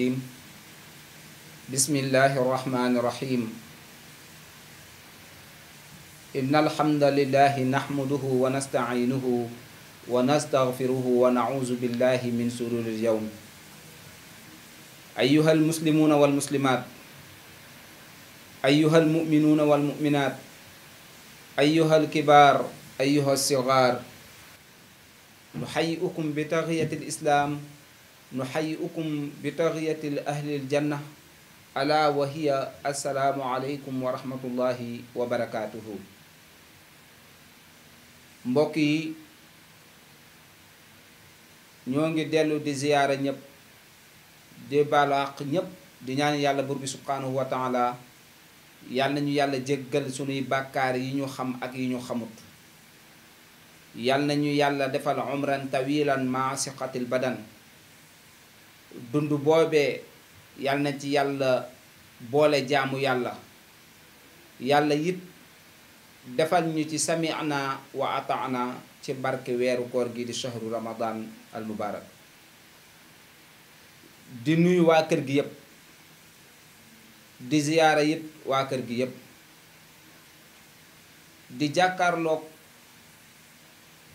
الرجيم بسم الله الرحمن الرحيم إن الحمد لله نحمده ونستعينه ونستغفره ونعوذ بالله من سرور اليوم أيها المسلمون والمسلمات أيها المؤمنون والمؤمنات أيها الكبار أيها الصغار نحيئكم بتغية الإسلام nuxayiukum bi taxiyati ahlil janna ala wa hiya assalaamu aleykum wa wa barakaatuhu mbokk yi ñoo ngi dellu di ziyaara ñëpp di balaaq ñëpp di ñaan yàlla buur bi subhaanahu wa taala yàlla nañu yàlla jéggal sunuy bàkkaar yi ñu xam ak yi ñu xamut yàlla nañu yàlla defal umran tawilan maa badan dund boobee yal na ci yàlla boole jaamu yàlla yàlla yit defal ñu ci sami'na wa ata'na ci barke weeru koor gi di shahru ramadan al mubarak di nuyu waa kër gi yépp di ziyaara it waa kër gi yépp di jàkkaarloog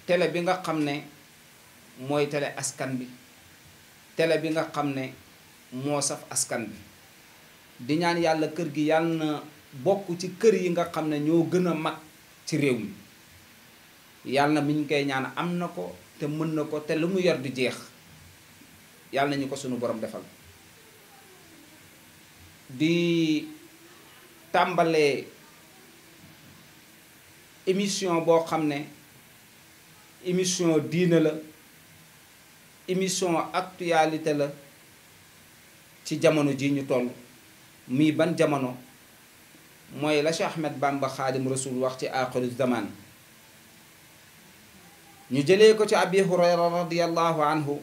télé bi nga xam ne mooy télé askan bi tele bi nga xam ne moo saf askan bi di ñaan yàlla kër gi yàlla na bokk ci kër yi nga xam ne ñoo gën a mag ci réew mi yàlla na mi ñu koy ñaan am na ko te mën na ko te lu mu yor du jeex yàlla na ñu ko sunu borom defal di tàmbalee émission boo xam ne émission diine la émission actualité la ci jamono ji ñu toll muy ban jamono mooy la Cheikh Ahmed Bamba khadim rasoul wax ci axiru zaman ñu jëlee ko ci abi hurayra radiallahu anhu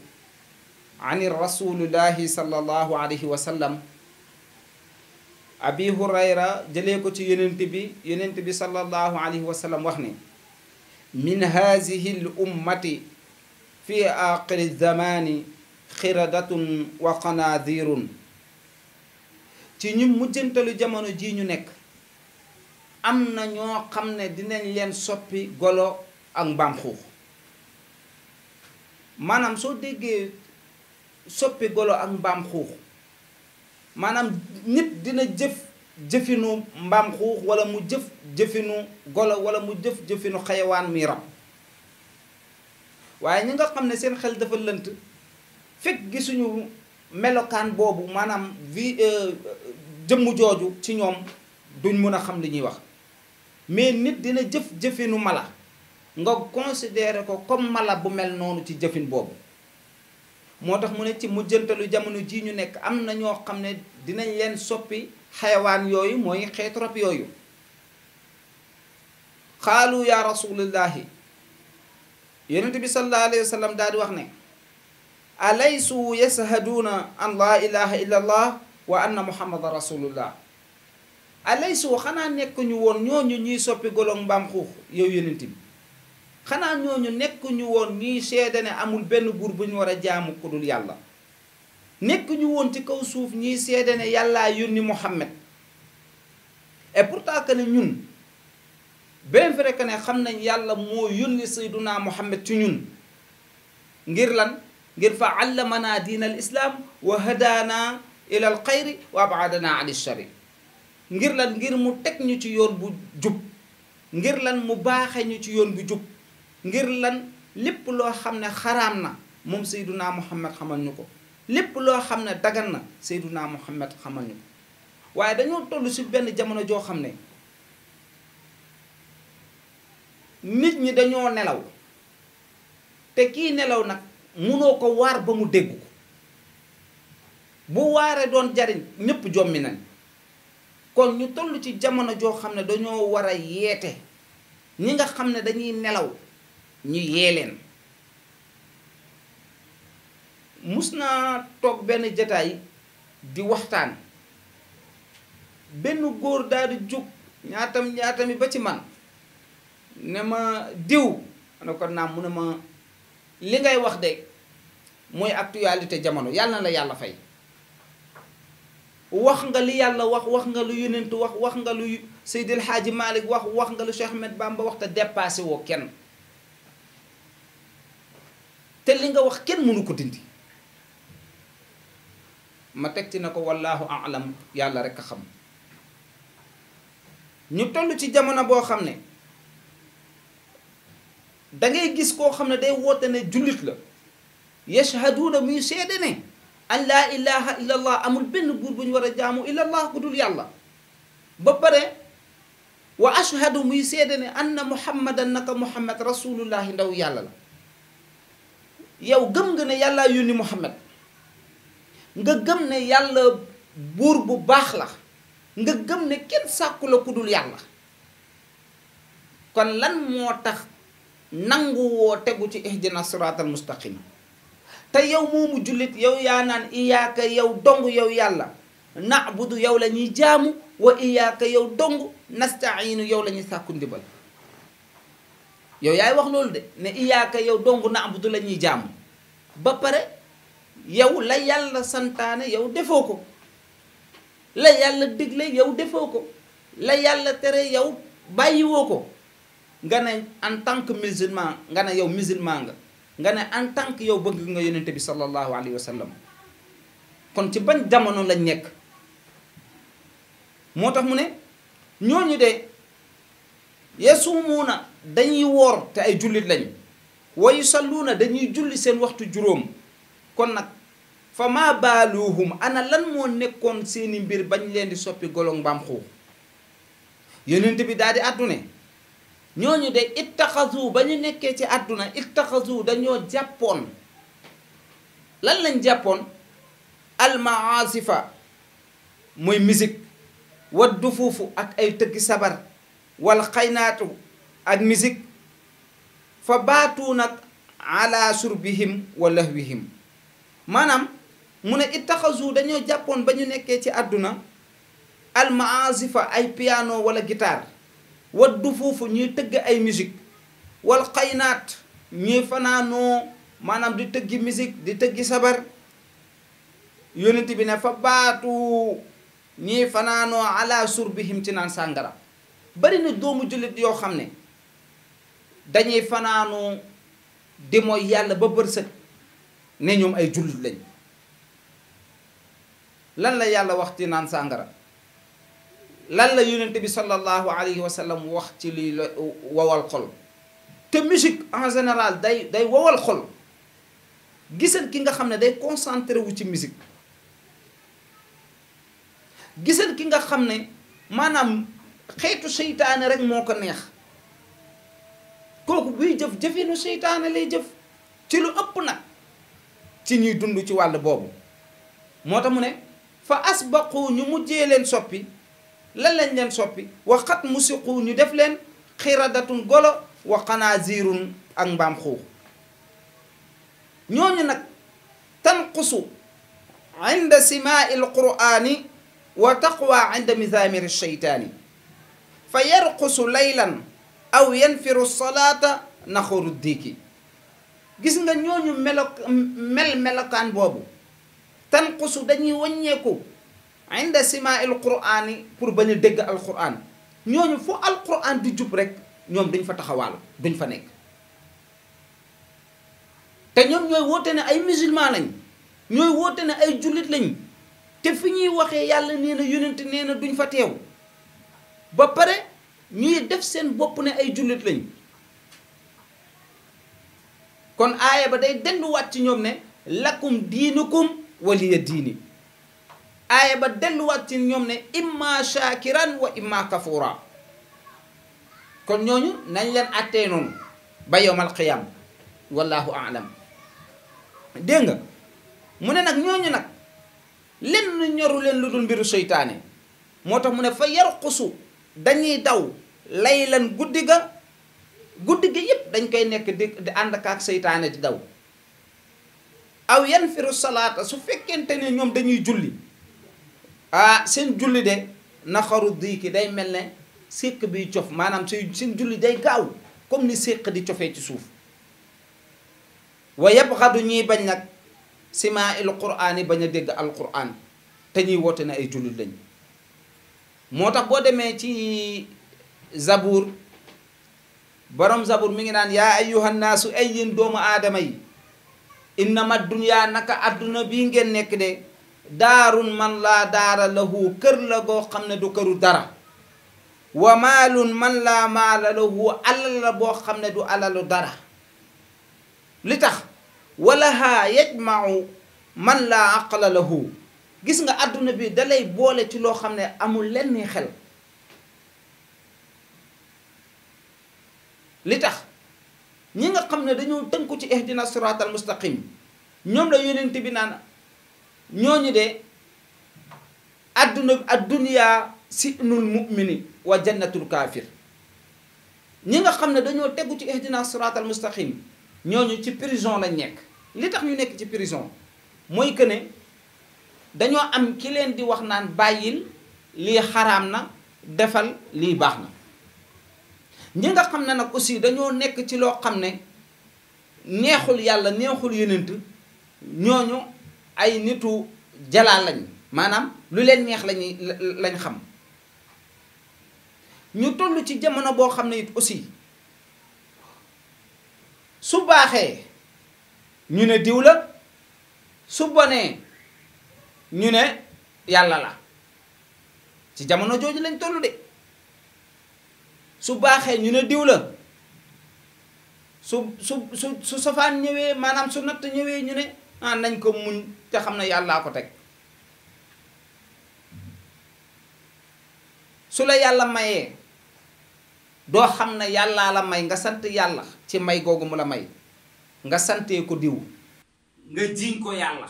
ani rasulillahi sallallahu alayhi wa sallam abi hurayra jëlee ko ci yonent bi yonent bi sallallahu alayhi wa sallam wax ne min hazihi l fi aaxiri zamaani xiradatun wa qanadirun ci ñu mujjantalu jamono ji ñu nekk am na ñoo xam ne dinañ leen soppi golo ak mbaam xuux maanaam soo déggee soppi golo ak mbaam xuux maanaam nit dina jëf jëfinu mbaam xuux wala mu jëf jëfinu golo wala mu jëf jëfinu xayawaan mi rab waaye ñi nga xam ne seen xel dafa lënt fekk gisuñu melokaan boobu maanaam vi euh, jëmm jooju ci ñoom duñ mun a xam li ñuy wax mais nit dina jëf jëfinu mala nga considéré ko comme mala bu mel noonu ci jëfin boobu moo tax mu ne ci mujjantalu jamono jii ñu nekk am na ñoo xam ne dinañ leen soppi xayawaan yooyu mooy xeetu trop yooyu xaalu yaa rasulillahi yonent bi sallallahu alayhi wa sallam daal di wax ne alaysu yashaduuna an laa ilaha illa allah wa anna muhammada rasulullah alaysu xanaa nekk ñu woon ñooñu ñuy soppi golong mbaam xuux yow yonent bi xanaa ñooñu nekk ñu woon ñuy seede ne amul benn buur bu ñu war a jaamu ku dul yàlla nekk ñu woon ci kaw suuf ñuy seede ne yàllaa yónni muhammad et pourtant que ne ñun bien vrai que ne yàlla moo yónni sayduna muhammad ci ñun ngir lan ngir fa allamana diin al islam wa hadaana ila al xayri wa abaadana an ilshari ngir lan ngir mu teg ñu ci yoon bu jub ngir lan mu baaxe ñu ci yoon bu jub ngir lan lépp loo xam ne na moom sayduna muhammad xamal ñu lépp loo xam dagan na sayduna muhammad xamal ñu ko waaye dañoo toll si jamono joo xam nit ñi dañoo nelaw te kii nelaw nag munoo ko waar ba mu dégg ko bu waaree doon jariñ ñépp jommi nañ kon ñu toll ci jamono joo xam ne dañoo war a yeete ñi nga xam ne dañuy nelaw ñi yee leen mus naa toog benn jataay di waxtaan benn góor daal jóg ñaatam ñaatami ba ci man ne ma diw ne ko naam mu ne ma li ngay wax de mooy actualité jamono yàlla na la yàlla fay wax nga li yàlla wax wax nga lu yonent wax wax nga lu Seydil Hadji Malick wax wax nga lu Cheikh Ahmed Bamba wax te dépassé woo kenn te li nga wax kenn mënu ko dindi ma teg ci na ko wallaahu alam yàlla rek a xam ñu toll ci jamono boo xam ne da ngay gis koo xam ne day woote ne jullit la yashhaduuna muy seede ne an laa ilaha illa allah amul benn buur bu ñu war a jaamu illa allah ku dul yàlla ba pare wa ashhadu muy seede ne anna muhammadan naka muhammad rasulullahi ndaw yàlla la yow gëm nga ne yàllaa yónni muhammad nga gëm ne yàlla buur bu baax la nga gëm ne kenn sàkku la ku dul yàlla kon lan moo tax nangu tegu ci ihdina siraatal mustaqim te yow moomu jullit yow yaa naan iyaaka yow dong yow yàlla na'budu yow la ñuy jaamu wa iyaaka yow dong nasta'iinu yow la ñuy sàkku ndibal yow yaay wax loolu de ne yow dong na'budu la ñuy jaamu ba pare yow la yàlla santaane yow defoo ko la yàlla digle yow defoo ko la yàlla tere yow bàyyiwoo ko nga ne en tant que musulman nga ne yow musulman nga nga ne en tant yow bëgg nga yonent bi sallallahu alayhi wa sallam kon ci ban jamono lañ nekk moo tax mu ne ñooñu de yasumuuna dañuy woor te ay jullit lañ wa na dañuy julli seen waxtu juróom kon nag fa maa baaluuhum ana lan moo nekkoon seeni mbir bañ leen di soppi golo mbaam xuux yonent bi daal di àddu ñooñu de ittaxasu ba ñu nekkee ci àdduna ittaxasu dañoo jàppoon lan lañ jàppoon almaasifa mooy misik wa dufuufu ak ay tëggi sabar wal xaynaatu ak misik fa baatu nag ala surbihim wa lahwihim maanaam mu ne ittaxasu dañoo jàppoon ba ñu nekkee ci àdduna almaasifa ay piano wala guitare waddu foofu ñuy tëgg ay musique wal xaynaat ñuy fanaanoo maanaam di tëggi misik di tëggi sabar yonent bi ne fa baatu ñuy fanaanoo ala surbihim ci naan sàngara bari na doomu jullit yoo xam ne dañuy fanaanoo di mooy yàlla ba bërsëg ne ñoom ay jullit lañ lan la yàlla wax ci naan sàngara lan la yonent bi sallallahu alayhi wa sallam wax ci li la wowal xol te musique en général day day wowal xol gisal ki nga xam ne day concentré wu ci musique gisal ki nga xam ne maanaam xeetu seytaane rek moo ko neex kooku buy jëf jëfinu seytaane lay jëf ci lu ëpp nag ci ñuy dund ci wàll boobu moo tax mu ne fa asbaqu ñu mujjee leen soppi lan lañ leen soppi waxat musiqu ñu def leen xiradatun golo wa xanaazirun ak mbaam xuux ñooñu nag tanqusu inda simaai alqurani wa taqwa inda misamiri sheytaani fa yarqusu laylan aw yanfiru salaata naxoru diiki gis nga ñooñu melo boobu tanqusu dañuy wàññeeku inda sima il quran yi pour bañ a dégg alquran ñooñu fu alquran di jub rek ñoom duñ fa taxawaalu duñ fa nekk te ñoom ñooy woote ne ay musulman lañ ñooy woote ne ay jullit lañ te fi ñuy waxee yàlla nee na yonent nee na duñ fa teew ba pare ñuy def seen bopp ne ay jullit lañ kon aaya ba day denduwaat ci ñoom ne lakum diinukum waliya diini aaya ba delluwaat ci ñoom ne imma shakiran wa imma kafura kon ñooñu nañ leen attee noonu ba yowmal qiyam wallahu alam dégg mu ne nag ñooñu nag lenn ñoru leen lu dul mbiru seytaane moo tax mu ne fa yarqusu dañuy daw laylan guddi ga guddi gi yëpp dañ koy nekk di di ànd ak seytaane di daw aw yanfiru salaata su fekkente ne ñoom dañuy julli ah seen julli de naxaru diiki day mel ne séq biy cof maanaam say seen julli day gaaw comme ni séq di cofee ci suuf wa yabxadu ñuy bañ nag sima il quraan bañ a dégg al quraan te ñuy woote ne ay jullit dañ moo tax boo demee ci zabuur boroom zabuur mi ngi naan yaa ayyuhan naasu ay yéen doomu aadama yi innama dunya naka àdduna bi ngeen nekk de دار من لا دار له كر لا بو خامني دو كرو دارا ومال من لا مال له الله بو خامني دو الله دارا لتخ ولها يجمع من لا عقل له غيسغا ادنا بي دالاي بوله تي لو خامني امو لن خيل لتخ نيغا خامني دانيو تنكو تي اهدنا الصراط المستقيم نيوم لا يوننتي بي نانا ñooñu de adduna si sinul mumini wa jannatul kaafir ñi nga xam ne dañoo tegu ci ihdina siraatal mustaqim ñooñu ci prison lañ nekk li tax ñu nekk ci prison mooy que ne dañoo am ki leen di wax naan bàyyil lii xaraam na defal lii baax na ñu nga xam ne nag aussi dañoo nekk ci loo xam ne neexul yàlla neexul yenent ñooñu ay nitu jalaal lañ manam lu leen neex lañ lañ xam ñu tollu ci jamono bo xamne it aussi su baxé ñu ne diw la su boné ñu né yalla la ci jamono jooju lañ tollu dé su baxé ñu né diw la su su su su safaan manam su nat ñëwee ñu né ah nañ ko muñ te xam ne yàllaa ko teg su la yàlla mayee doo xam ne yàllaa la may nga sant yàlla ci may googu mu la may nga santee ko diw nga jiiñ ko yàlla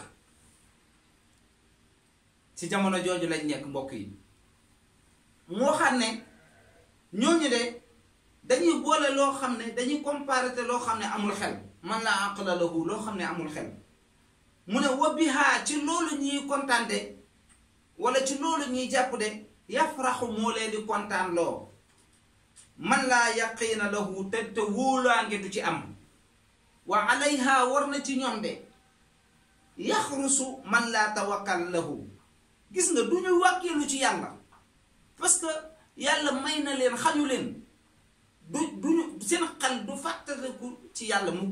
ci jamono jooju lañ nekk mbokk yi moo xam ne ñooñu de dañuy boole loo xam ne dañuy comparé te loo xam ne amul xel man laa àqla lahu loo xam ne amul xel mu ne wabbihaa ci loolu ñuy kontaan de wala ci loolu ñuy jàpp de yafraxu moo leen di kontaan loo man laa yaqiina lahu te te wóolaange du ci am wa alayha war na ci ñoom de yaxrusu man laa tawakkal lahu gis nga du ñu wàkkiilu ci yàlla parce que yàlla may na leen xañu leen du duñu seen xel du fàttaliku ci yàlla mu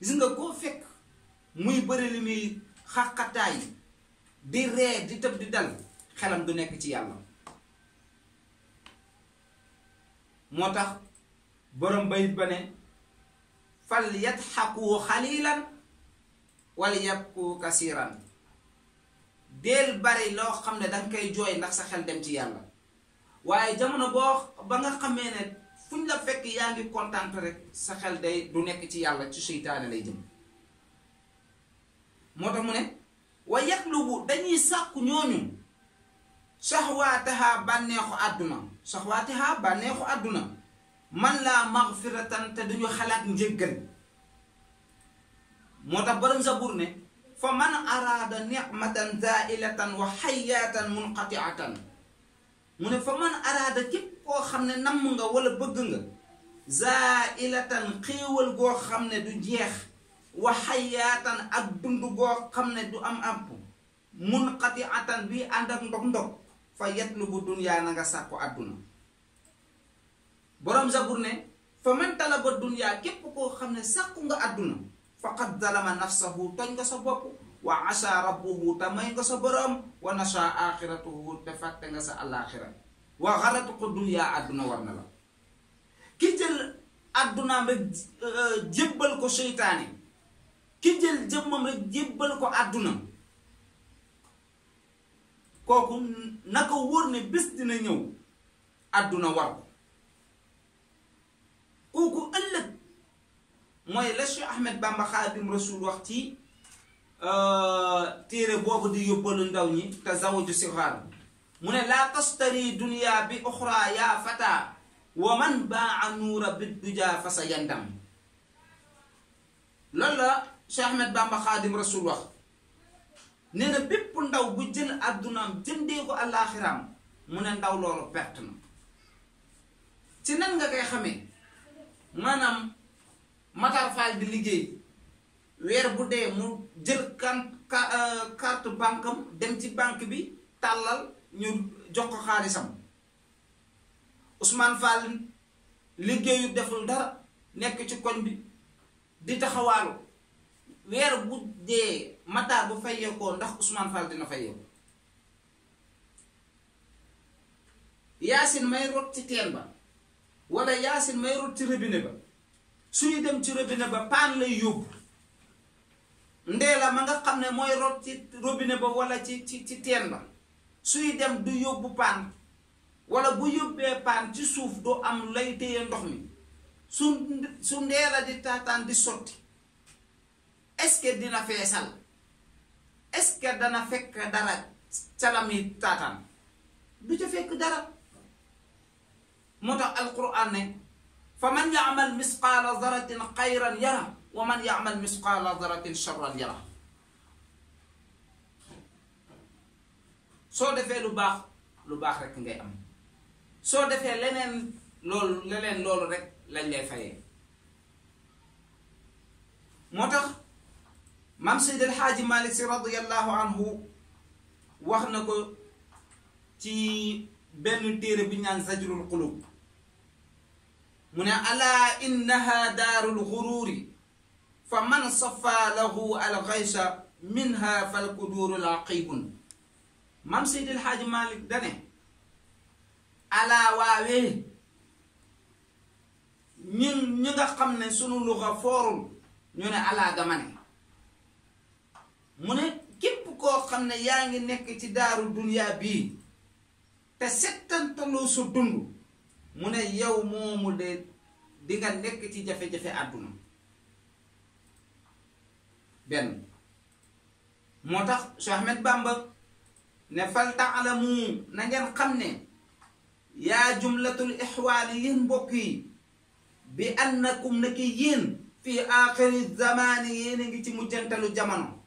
gis nga koo fekk muy bëri li muy xaqataay di ree di tëb di dal xelam du nekk ci yàlla moo tax borom bayit ba ne fal yadxaku xalilan wala yabku kasiran deel bari loo xam ne danga koy jooy ndax sa xel dem ci yàlla waaye jamono boo ba nga xamee ne fuñ la fekk yaa ngi kontaan rek sa xel day du nekk ci yàlla ci seytaane lay jëm motax muné mu ne wa yaxlubu dañuy sàkku ñooñu saxwaataha banexu aduna saxwaataha banexu aduna man la maghfiratan te duñu xalaat njëggal motax borom zabur ne fa man arada ni'matan zailatan wa hayatan munqatiatan muné fa man arada képp ko xamné nam nga wala bëgg nga zailatan xéewal goo xam ne du jeex wa xayaatan ak dund goo xam ne du am àpp munqati atan bi ànd ak ndog fa yatlubu dunyaa na nga sàkku àdduna boroom zabur ne fa man talaba dunyaa képp koo xam ne sàkku nga àdduna faqad zalama nafsahu tooñ nga sa bopp wa asa rabbuhu te may nga sa boroom wa nasa axiratuhu te fàtte nga sa alaxira wa xalatu ko dunyaa àdduna war na la ki jël àddunaam rek euh, jébbal ko seytaane ki jël jëmmam rek jébbal ko àdduna kooku naka wóor ne bés dina ñëw àdduna war ko kooku ëllëg mooy la Cheikh Ahmed Bamba Xaadim Rasul wax ci euh, téere boobu di yóbbalu ndaw ñi te zawaju sixaar mu ne laa tastari dunya bi uxra yaa fata wa man baa nuura bi duja fa yandam loolu Cheikh Ahmed Bamba Xaadim Rasul wax nee bépp ndaw bu jël àddunaam jëndee ko àllaaxiraam mu ne ndaw loolu perte na ci nan nga koy xamee maanaam Matar Fall di liggéey weer bu dee mu jël kan euh, carte banque am dem ci banque bi tàllal ñu jox ko xaalisam Ousmane Fall liggéeyu deful dara nekk ci koñ bi di taxawaalu weer bu dee mataar bu fayeekoo ndax Ousmane Fall dina fayeeku yaasin may rot ci teen ba wala yaasin may rot ci robinet ba suñu dem ci robinet ba paan lay yóbbu ndee ma nga xam ne mooy rot ci robinet ba walla ci ci ci teen ba suy dem du yóbbu paan wala bu yóbbee paan ci suuf du am lay téye ndox mi su su di taataan di sotti est-ce que dina feesal est-ce que dana fekk dara salami taataan du ca fekk dara moo tax alquran ne fa man yaamal misqaala daratin xayran yara wa man yaamal misqaala daratin charran yara so defee lu baax lu baax rek ngay am soo defee lenen lol lenen loolu rek lañ lay fayee moo maam Seydi El Hadji Malick Sy radiyallahu anhu wax na ko ci benn téere bi ñaan zajrul qulub mu ne alaa innaha daarul gururi fa man safa lahu alxaysa minha falkuduuru laqibun maam Seydi El Hadji Malick dane alaa waawee ñun ñu nga xam ne sunu luxa foorul ñu ne alaa dama ne mu ne képp koo xam ne yaa ngi nekk ci daaru duniyaa bii te settantaloo sa dund mu ne yow moomu de dinga nga ci jafe-jafe àdduna benn moo tax Cheikh Ahmed Bamba ne fal taalamu na xam ne yaa jumlatul ixwaali yéen mbokk yi bi na na naki yéen fi aaxiri zamaani yéen a ngi ci mujjantalu jamono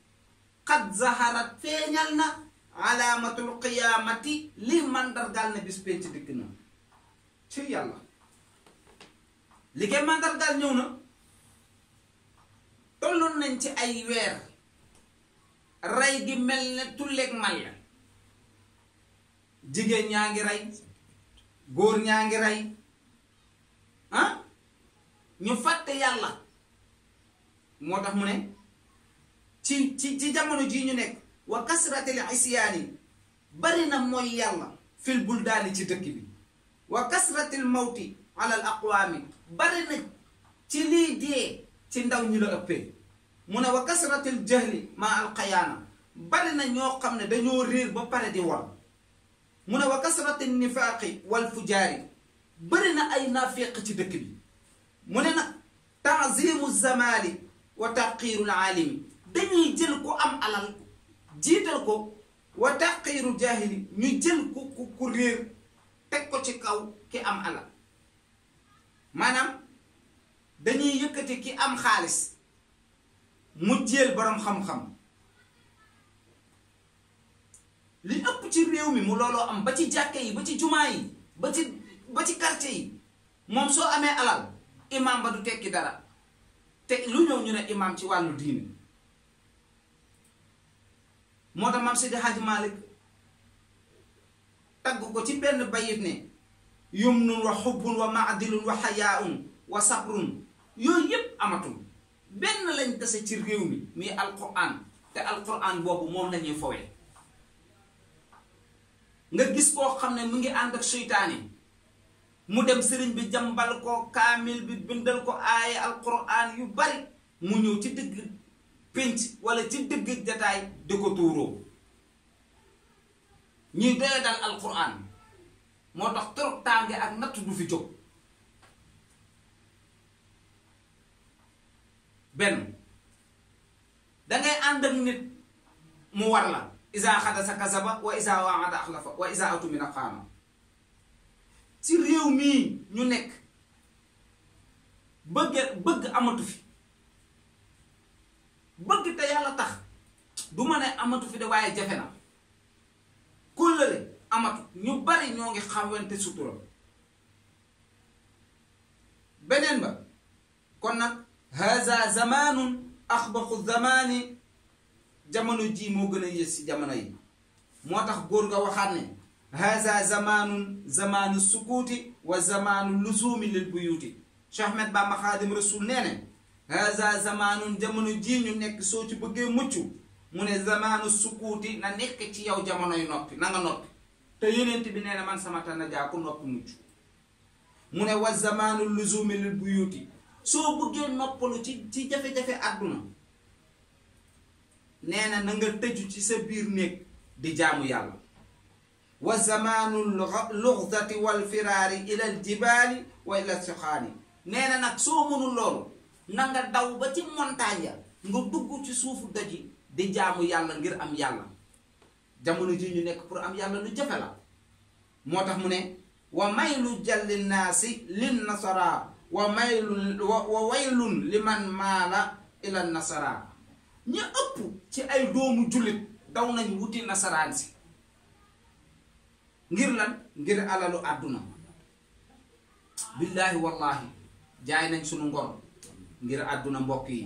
قد ظهرت فينالنا علامة القيامة لمن li mandargaal na bis penc digg na ci yàlla li koy mandargaal ñëw راي tolloon nañ ci ay weer rey gi mel ne tulleeg malla jigéen ñaa ngi rey ci ci jamono ji ñu nek wa kasratil isyani bari na moy yàlla fil buldan ci dëkk bi wa kasratil mawti ala al aqwaami bari na ci li de ci ndaw ñu la uppe muna wa kasratil jahli ma al qiyana bari na ño xamne dañu rir ba pare di war muna wa kasratil nifaaqi wal fujari bari na ay nafiq ci dëkk bi muna na ta'zimu zamali zamaali wa taqiiru alaalimi dañuy jël ku am alal jiital ko wa taqiiru jaahili ñu jël ku ku ku réer teg ko ci kaw ki am alal maanaam dañuy yëkkati ki am xaalis mu jël boroom xam-xam li ëpp ci réew mi mu looloo am ba ci jàkke yi ba ci jumaa yi ba ci ba ci quartier yi moom soo amee alal imaam ba du tekki dara te lu ñëw ñu ne imaam ci wàllu diine moo tax maam Seydi Hadj Malick tagg ko ci benn bayit ne yumnun wa xubbun wa maadilun wa xayaaun wa sabrun yooyu yépp amatul benn lañ tase ci réew mi muy alquran te alquran boobu moo lañuy fowee nga gis koo xam ne mu ngi ànd ak seytaane mu dem sëriñ bi jàmbal ko kaamil bi bindal ko aaya alquran yu bari mu ñëw ci dëgg pinc walla ci dëgg jataay di ko tuuroo ñuy doya dal alquran moo tax trop tànge ak natt du fi jóg benn dangay ànd ak nit mu war la isa xadasa kasaba wa isa waada axlafa wa isa atumina xaama ci réew mii ñu nekk bëgg bëgg amatu fi بغي تا يالا تخ بوما ني اماتو في دا واي جافينا كولري اماتو ني بري نيوغي خاوانتي سوتور بنين با كون هذا زمان اخبخ الزمان جامانو جي يس جامانا يي موتاخ غور غا وخاتني هذا زمان زمان السكوت وزمان اللزوم للبيوت شيخ haza zamaanun jamono jii ñu nekk soo ci bëggee mucc mu ne zamaanu sukuuti na nekk ci yow jamonoy noppi na nga noppi te yonent bi nee na man sama tànn jaa ko noppi mucc mu ne wa zamaanu luzumi lil buyuti soo ci ci jafe-jafe àdduna na nga tëju ci sa biir néeg di jaamu yàlla wa zamaanu luxdati wal firaari wa ilal suxaani nee nag soo mënul loolu na daw ba ci montagne ya nga dugg ci suufu doj yi di jaamu yàlla ngir am yàlla jamono ji ñu nekk pour am yàlla lu jafe la moo tax mu ne wa maylu jalli si lin nasara wa maylun wa waylun liman maala ila nasara ñu ëpp ci ay doomu jullit daw nañ wuti nasaraan si ngir lan ngir alalu àdduna billaahi wallaahi jaay nañ sunu ngor ngir aduna mbokk yi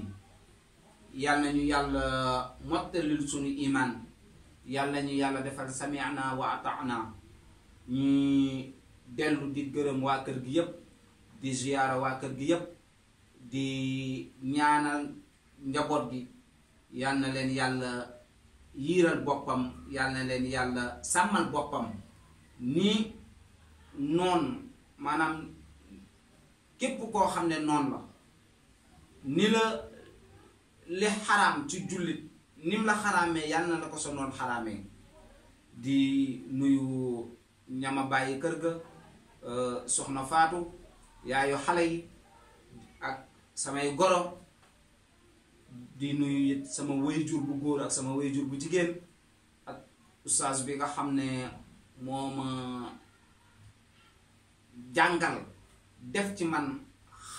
yal nañu yalla mottalil sunu iman yal nañu yalla defal sami'na wa ata'na ñi delu di gërem wa kër gi yëpp di ziyara wa kër gi yëpp di ñaanal njabot gi yal na leen yalla yiral bopam yal na leen yalla samal bopam ni non manam képp ko non la ni la li xaraam ci jullit nim la xarame yàlla na la ko sa noon di nuyu ñama bàyyi kër ga euh, soxna faatu yaayu xale yi ak samay goro di nuyu it sama wayjur bu góor ak sama wayjur bu jigéen ak ustaas bi nga xam ne moo ma jàngal def ci man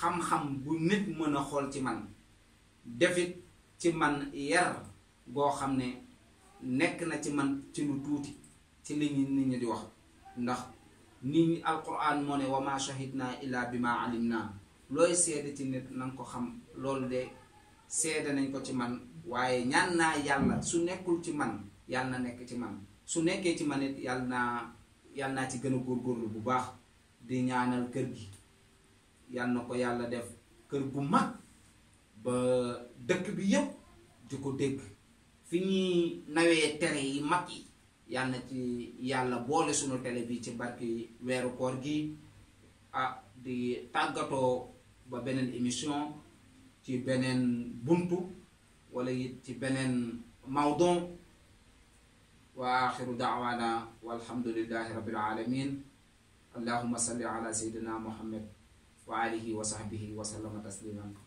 xam-xam bu nit mën a xool ci man defit ci man yar boo xam ne nekk na ci man ci lu tuuti ci li ñu nit di wax ndax ni ñi alquran moo ne wa ma shahidna illa bi ma alim naa looy sedd ci nit na nga ko xam loolu de sedd nañ ko ci man waaye ñaan naa yàlla su nekkul ci man yàlla na nekk ci man su nekkee ci man it yàlla naa yàlla naa ci gën a góor góorgóorlu bu baax di ñaanal kër gi yal na ko yàlla def kër gu mag ba dëkk bi yëpp di ko dégg fi ñuy nawee tere yi mag yi ci yàlla boole sunu tele bi ci barki weeru koor gi ah di tàggatoo ba beneen émission ci beneen buntu wala it ci beneen mawdon wa axiru daawaana walhamdulillahi rabbil alamin allahuma salli ala sayyidina muhammad وعليه وصحبه وسلم تسليما